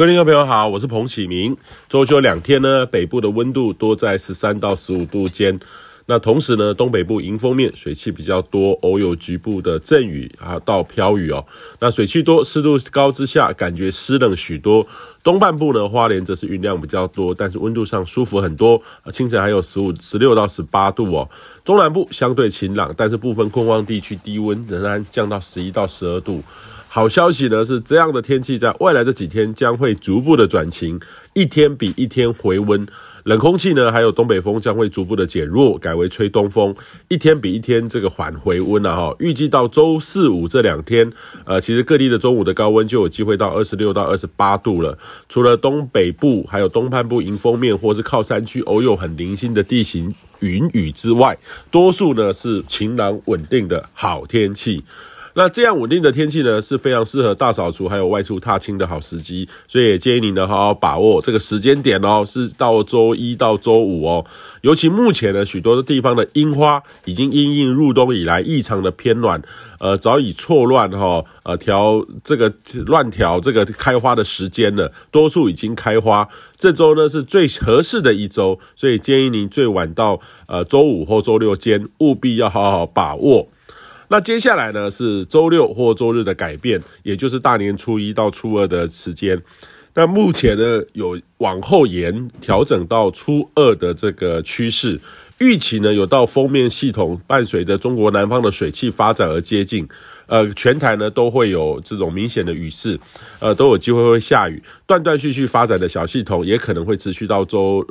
各位聽眾朋友好，我是彭啟明。周休兩天呢，北部的溫度多在十三到十五度間，那同時呢，東北部迎風面水汽比較多，偶有局部的陣雨啊到飄雨哦。那水汽多、濕度高之下，感覺濕冷許多。東半部呢，花蓮則是雲量比較多，但是溫度上舒服很多，啊，清晨還有十五、十六到十八度哦。中南部相對晴朗，但是部分空曠地區低溫仍然降到十一到十二度。好消息呢，是這樣的天氣，在未來的幾天將會逐步的轉晴，一天比一天回溫。冷空氣呢，還有東北風將會逐步的減弱，改為吹東風，一天比一天這個緩回溫了、啊、哈。預計到周四、五這兩天，呃，其實各地的中午的高溫就有機會到二十六到二十八度了。除了東北部、還有東半部迎風面或是靠山區偶有很零星的地形雲雨之外，多數呢是晴朗穩定的好天氣。那這樣穩定的天氣呢，是非常適合大掃除還有外出踏青的好時機，所以也建議你呢好好把握這個時間點哦，是到周一到周五哦。尤其目前呢，許多的地方的櫻花已經因應入冬以來異常的偏暖，呃，早已錯亂哈、哦，呃，調這個亂調這個開花的時間了，多數已經開花。這周呢是最合適的一周，所以建議您最晚到呃周五或周六間，務必要好好把握。那接下來呢，是周六或周日的改變，也就是大年初一到初二的時間。那目前呢，有往後延調整到初二的這個趨勢，預期呢，有道鋒面系統伴隨着中國南方的水汽發展而接近。呃，全台呢，都會有這種明顯的雨勢，呃，都有機會會下雨。斷斷續續發展的小系統也可能會持續到周。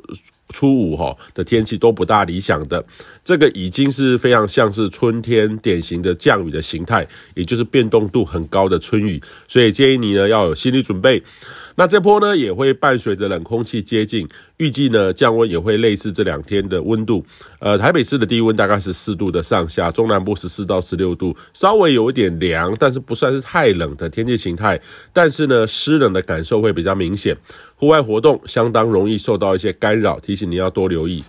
初五哈的天氣都不大理想的，這個已經是非常像是春天典型的降雨的形態，也就是變動度很高的春雨，所以建議你呢要有心理準備。那這波呢也會伴隨着冷空氣接近，預計呢降溫也會類似這兩天的溫度。呃，台北市的低溫大概是十四度的上下，中南部十四到十六度，稍微有一點涼，但是不算是太冷的天氣形態，但是呢濕冷的感受會比較明顯，戶外活動相當容易受到一些干擾。提你要多留意，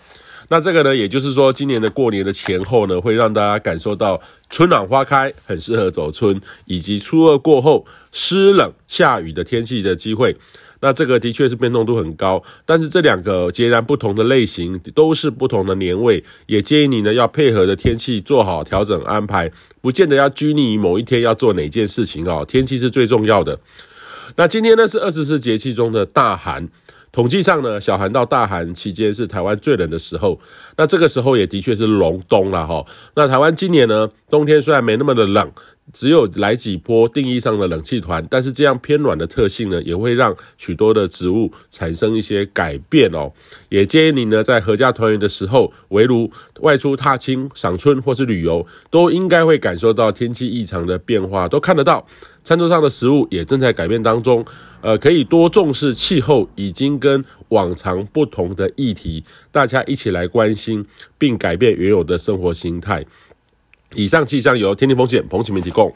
那這個呢，也就是說，今年的過年的前後呢，會讓大家感受到春暖花開，很適合走春，以及初二過後濕冷下雨的天氣的機會。那這個的確是變動度很高，但是這兩個截然不同的類型都是不同的年味，也建議你呢要配合的天氣做好調整安排，不見得要拘泥於某一天要做哪件事情哦，天氣是最重要的。那今天呢是二十四節氣中的大寒。統計上呢，小寒到大寒期間是台灣最冷的時候。那這個時候也的確是隆冬了哈。那台灣今年呢，冬天雖然沒那麼的冷，只有來幾波定義上的冷氣團，但是這樣偏暖的特性呢，也會讓許多的植物產生一些改變哦。也建議你呢，在合家團圓的時候，圍爐外出踏青、賞春或是旅遊，都應該會感受到天氣異常的變化，都看得到。餐桌上的食物也正在改變當中，呃，可以多重視氣候已經跟往常不同的議題，大家一起來關心並改變原有的生活形態。以上氣象由天氣風險彭啟明提供。